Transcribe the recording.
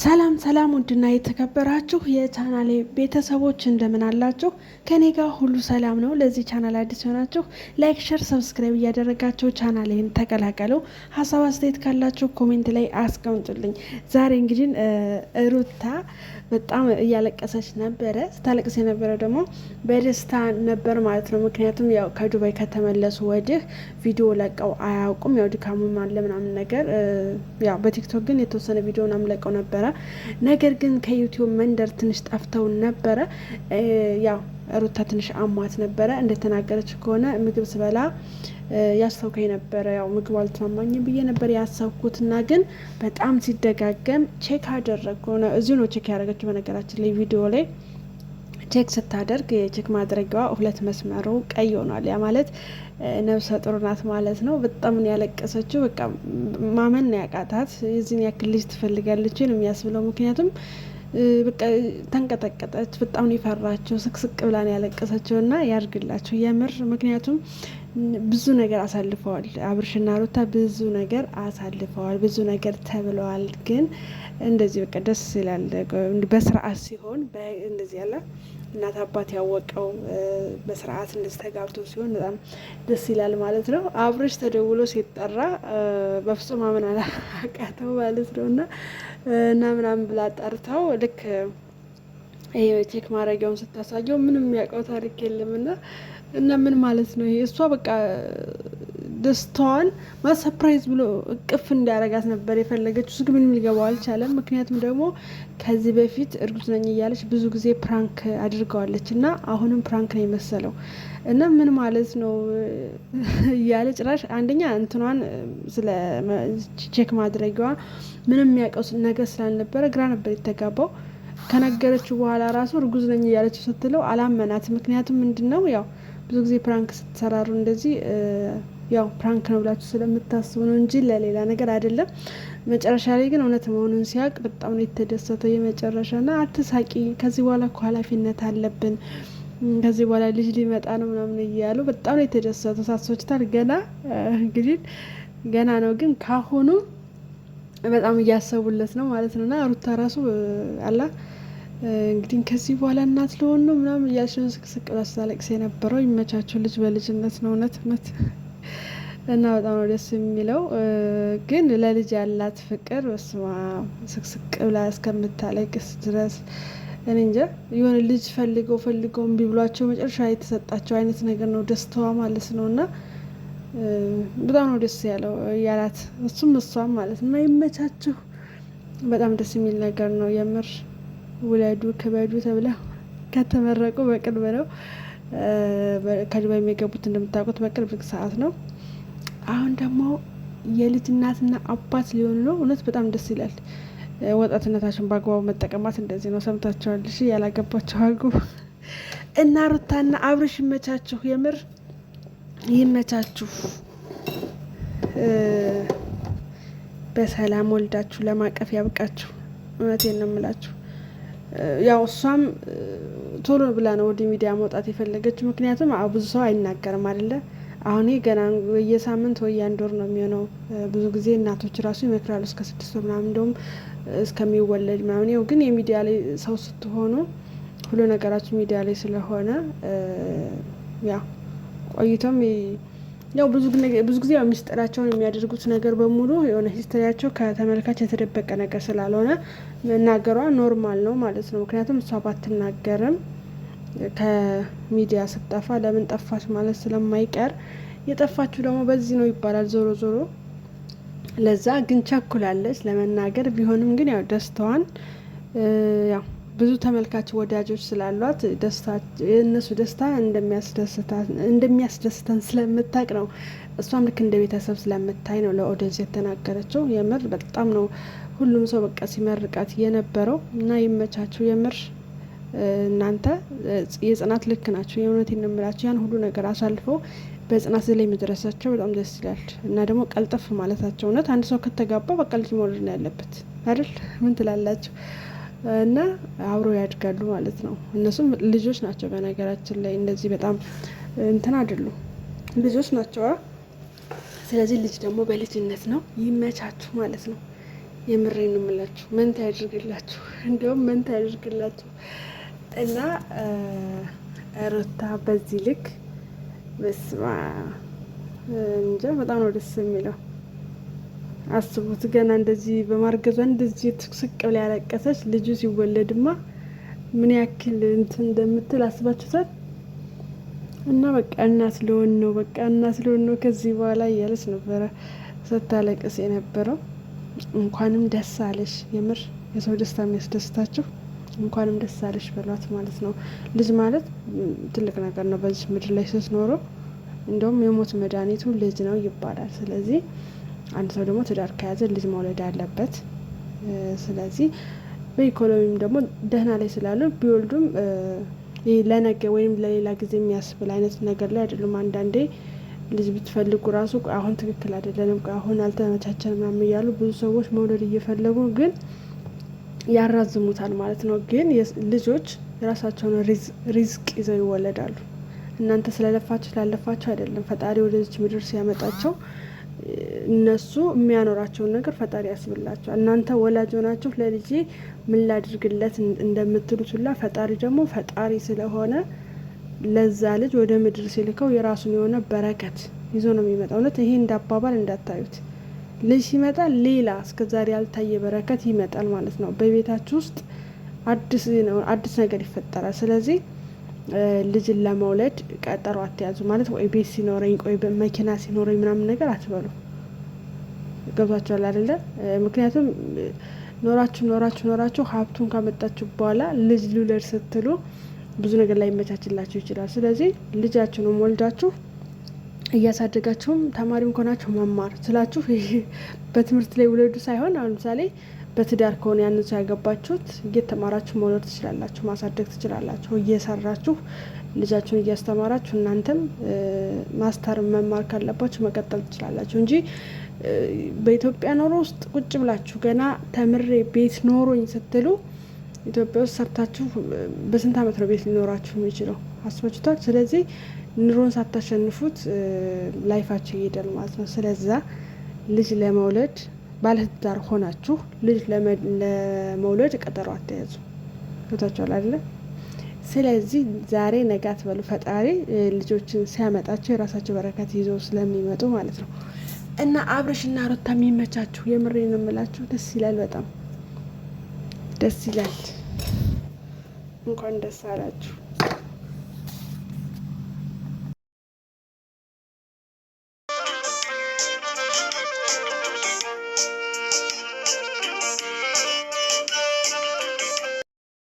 ሰላም ሰላም ውድና የተከበራችሁ የቻናሌ ቤተሰቦች እንደምን አላችሁ? ከኔ ጋር ሁሉ ሰላም ነው። ለዚህ ቻናል አዲስ የሆናችሁ ላይክ፣ ሸር፣ ሰብስክራይብ እያደረጋችሁ ቻናሌን ተቀላቀሉ። ሀሳብ አስተያየት ካላችሁ ኮሜንት ላይ አስቀምጡልኝ። ዛሬ እንግዲህ ሩታ በጣም እያለቀሰች ነበረ። ስታለቅስ የነበረው ደግሞ በደስታ ነበር ማለት ነው። ምክንያቱም ያው ከዱባይ ከተመለሱ ወዲህ ቪዲዮ ለቀው አያውቁም። ያው ድካሙም አለ ምናምን ነገር ያው በቲክቶክ ግን የተወሰነ ቪዲዮ ምናምን ለቀው ነበር ነበረ። ነገር ግን ከዩቲዩብ መንደር ትንሽ ጠፍተው ነበረ። ያው ሩታ ትንሽ አሟት ነበረ። እንደተናገረች ከሆነ ምግብ ስበላ ያስታውከኝ ነበረ። ያው ምግብ አልተስማማኝም ብዬ ነበር ያሰብኩትና ግን በጣም ሲደጋገም ቼክ አደረግኩ። እዚሁ ነው ቼክ ያደረገችው በነገራችን ላይ ቪዲዮ ላይ ቼክ ስታደርግ የቼክ ማድረጊያዋ ሁለት መስመሩ ቀይ ሆኗል። ያ ማለት ነብሰ ጡር ናት ማለት ነው። በጣም ነው ያለቀሰችው። በቃ ማመን ነው ያቃታት። የዚህን ያክል ልጅ ትፈልጋለች ነው የሚያስብለው ምክንያቱም በቃ ተንቀጠቀጠች። በጣም ነው የፈራችው። ስቅስቅ ብላን ያለቀሰችው እና ያድርግላችሁ የምር ምክንያቱም ብዙ ነገር አሳልፈዋል። አብርሽና ሩታ ብዙ ነገር አሳልፈዋል፣ ብዙ ነገር ተብለዋል። ግን እንደዚህ በቃ ደስ ይላል በስርዓት ሲሆን እንደዚህ ያለ እናት አባት ያወቀው በስርዓት እንደዚህ ተጋብቶ ሲሆን በጣም ደስ ይላል ማለት ነው። አብርሽ ተደውሎ ሲጠራ በፍጹም አምን አቃተው ማለት ነው እና እና ምናምን ብላ ጠርተው ልክ ይሄ ቼክ ማድረጊያውን ስታሳየው ምንም የሚያውቀው ታሪክ የለም እና እና ምን ማለት ነው ይሄ እሷ በቃ ደስታዋን ማለት ሰፕራይዝ ብሎ እቅፍ እንዲያረጋት ነበር የፈለገችው። እሱ ግን ምንም ሊገባው አልቻለም። ምክንያቱም ደግሞ ከዚህ በፊት እርጉዝ ነኝ እያለች ብዙ ጊዜ ፕራንክ አድርገዋለች እና አሁንም ፕራንክ ነው የመሰለው እና ምን ማለት ነው እያለ ጭራሽ አንደኛ እንትኗን ስለ ቼክ ማድረጊዋ ምንም የሚያውቀው ነገር ስላልነበረ ግራ ነበር የተጋባው። ከነገረችው በኋላ ራሱ እርጉዝ ነኝ እያለችው ስትለው አላመናት። ምክንያቱም ምንድን ነው ያው ብዙ ጊዜ ፕራንክ ስትሰራሩ እንደዚህ ያው ፕራንክ ነው ብላችሁ ስለምታስቡ ነው እንጂ ለሌላ ነገር አይደለም። መጨረሻ ላይ ግን እውነት መሆኑን ሲያውቅ በጣም ነው የተደሰተው። የመጨረሻ ና አትሳቂ፣ ከዚህ በኋላ እኮ ኃላፊነት አለብን፣ ከዚህ በኋላ ልጅ ሊመጣ ነው ምናምን እያሉ በጣም ነው የተደሰተው። ሳሶችታል ገና እንግዲህ ገና ነው ግን ካሁኑ በጣም እያሰቡለት ነው ማለት ነው። እና ሩታ ራሱ አላ እንግዲህ ከዚህ በኋላ እናት ለሆን ነው ምናምን እያልሽን ስቅስቅ ብላ ስታለቅስ የነበረው ይመቻቸው። ልጅ በልጅነት ነው እውነት እውነት እና በጣም ነው ደስ የሚለው። ግን ለልጅ ያላት ፍቅር በስማ ስቅስቅ ብላ እስከምታለቅስ ድረስ እኔ እንጃ የሆነ ልጅ ፈልገው ፈልገው እምቢ ብሏቸው መጨረሻ የተሰጣቸው አይነት ነገር ነው ደስታዋ ማለት ነው። እና በጣም ነው ደስ ያለው ያላት እሱም እሷም ማለት እና ይመቻችሁ። በጣም ደስ የሚል ነገር ነው የምር ውለዱ ክበዱ ተብለው ከተመረቁ በቅርብ ነው። ከዱባይ የሚገቡት እንደምታውቁት በቅርብ ሰዓት ነው። አሁን ደግሞ የልጅ እናትና አባት ሊሆኑ ነው። እውነት በጣም ደስ ይላል። ወጣትነታችን በአግባቡ መጠቀማት እንደዚህ ነው። ሰምታቸዋል። ሽ ያላገባቸው አግቡ እና ሩታና አብርሽ ይመቻችሁ፣ የምር ይመቻችሁ። በሰላም ወልዳችሁ ለማቀፍ ያብቃችሁ። እውነቴን ነው የምላችሁ። ያው እሷም ቶሎ ብላ ነው ወደ ሚዲያ መውጣት የፈለገች። ምክንያቱም አሁ ብዙ ሰው አይናገርም አይደለ? አሁን ገና የሳምንት ወይ የአንድ ወር ነው የሚሆነው። ብዙ ጊዜ እናቶች ራሱ ይመክራሉ እስከ ስድስት ወር ምናምን እንደውም እስከሚወለድ ምናምን። ው ግን የሚዲያ ላይ ሰው ስትሆኑ ሁሉ ነገራችሁ ሚዲያ ላይ ስለሆነ ያው ቆይቶም ያው ብዙ ብዙ ጊዜ ያው ሚስጥራቸውን የሚያደርጉት ነገር በሙሉ የሆነ ሂስትሪያቸው ከተመልካች የተደበቀ ነገር ስላልሆነ መናገሯ ኖርማል ነው ማለት ነው። ምክንያቱም እሷ ባትናገርም ከሚዲያ ስትጠፋ ለምን ጠፋች ማለት ስለማይቀር የጠፋችሁ ደግሞ በዚህ ነው ይባላል። ዞሮ ዞሮ ለዛ ግን ቸኩላለች ለመናገር ቢሆንም ግን ያው ደስታዋን ያው ብዙ ተመልካች ወዳጆች ስላሏት የእነሱ ደስታ እንደሚያስደስተን ስለምታቅ ነው። እሷም ልክ እንደ ቤተሰብ ስለምታይ ነው ለኦዲየንስ የተናገረችው። የምር በጣም ነው ሁሉም ሰው በቃ ሲመርቃት የነበረው እና ይመቻችሁ። የምር እናንተ የጽናት ልክ ናቸው። የእውነት ነው ያን ሁሉ ነገር አሳልፈው በጽናት ላይ መድረሳቸው በጣም ደስ ይላል። እና ደግሞ ቀልጠፍ ማለታቸው እውነት አንድ ሰው ከተጋባ በቃ ልጅ መውለድ ነው ያለበት አይደል? ምን ትላላቸው? እና አብረው ያድጋሉ ማለት ነው። እነሱም ልጆች ናቸው። በነገራችን ላይ እንደዚህ በጣም እንትን አይደሉም፣ ልጆች ናቸው። ስለዚህ ልጅ ደግሞ በልጅነት ነው። ይመቻችሁ ማለት ነው። ነው እምላችሁ መንታ ያድርግላችሁ፣ እንዲሁም መንታ ያድርግላችሁ። እና ሩታ በዚህ ልክ በስማ እንጃ በጣም ነው ደስ የሚለው። አስቡት ገና እንደዚህ በማርገዟ እንደዚህ ስቅ ብላ ያለቀሰች ልጁ ሲወለድማ ምን ያክል እንትን እንደምትል አስባችሁታል? እና በቃ እናት ልሆን ነው በቃ እናት ልሆን ነው ከዚህ በኋላ እያለች ነበረ ስታለቅስ የነበረው። እንኳንም ደስ አለሽ። የምር የሰው ደስታ የሚያስደስታችሁ እንኳንም ደስ አለሽ በሏት ማለት ነው። ልጅ ማለት ትልቅ ነገር ነው በዚህ ምድር ላይ ስትኖረው። እንደውም የሞት መድኃኒቱ ልጅ ነው ይባላል። ስለዚህ አንድ ሰው ደግሞ ትዳር ከያዘ ልጅ መውለድ አለበት። ስለዚህ በኢኮኖሚም ደግሞ ደህና ላይ ስላሉ ቢወልዱም ለነገ ወይም ለሌላ ጊዜ የሚያስብል አይነት ነገር ላይ አይደሉም። አንዳንዴ ልጅ ብትፈልጉ ራሱ አሁን ትክክል አይደለንም፣ አሁን አልተመቻቸን ምናምን እያሉ ብዙ ሰዎች መውለድ እየፈለጉ ግን ያራዝሙታል ማለት ነው። ግን ልጆች የራሳቸውን ሪዝቅ ይዘው ይወለዳሉ። እናንተ ስለለፋቸው ስላለፋቸው አይደለም ፈጣሪ ወደዚች ምድር ሲያመጣቸው እነሱ የሚያኖራቸውን ነገር ፈጣሪ ያስብላቸዋል። እናንተ ወላጅ ሆናችሁ ለልጄ ምን ላድርግለት እንደምትሉት ሁላ ፈጣሪ ደግሞ ፈጣሪ ስለሆነ ለዛ ልጅ ወደ ምድር ሲልከው የራሱን የሆነ በረከት ይዞ ነው የሚመጣ። እውነት ይሄ አባባል እንዳታዩት። ልጅ ሲመጣ ሌላ እስከዛሬ ያልታየ በረከት ይመጣል ማለት ነው። በቤታችሁ ውስጥ አዲስ ነገር ይፈጠራል። ስለዚህ ልጅን ለመውለድ ቀጠሮ አትያዙ ማለት ወይ ቤት ሲኖረኝ ቆይ መኪና ሲኖረኝ ምናምን ነገር አትበሉ። ገብቷችኋል አይደለ? ምክንያቱም ኖራችሁ ኖራችሁ ኖራችሁ ሀብቱን ካመጣችሁ በኋላ ልጅ ልውለድ ስትሉ ብዙ ነገር ላይ ይመቻችላችሁ ይችላል። ስለዚህ ልጃችሁንም ወልዳችሁ እያሳደጋችሁም ተማሪም ከሆናችሁ መማር ስላችሁ በትምህርት ላይ ውለዱ ሳይሆን አሁን ምሳሌ በትዳር ከሆነ ያንን ሰው ያገባችሁት እየተማራችሁ መውለድ ትችላላችሁ፣ ማሳደግ ትችላላችሁ። እየሰራችሁ ልጃችሁን እያስተማራችሁ እናንተም ማስተር መማር ካለባችሁ መቀጠል ትችላላችሁ እንጂ በኢትዮጵያ ኖሮ ውስጥ ቁጭ ብላችሁ ገና ተምሬ ቤት ኖሮኝ ስትሉ ኢትዮጵያ ውስጥ ሰርታችሁ በስንት ዓመት ነው ቤት ሊኖራችሁ የሚችለው? አስባችሁታል? ስለዚህ ኑሮን ሳታሸንፉት ላይፋችሁ ይሄዳል ማለት ነው። ስለዛ ልጅ ለመውለድ ባለትዳር ሆናችሁ ልጅ ለመውለድ ቀጠሮ አትያዙ። ታቸዋል አለ። ስለዚህ ዛሬ ነጋት በሉ ፈጣሪ ልጆችን ሲያመጣቸው የራሳቸው በረከት ይዘው ስለሚመጡ ማለት ነው። እና አብረሽና ሩታ የሚመቻችሁ የምሬ ነው የምላችሁ። ደስ ይላል፣ በጣም ደስ ይላል። እንኳን ደስ አላችሁ።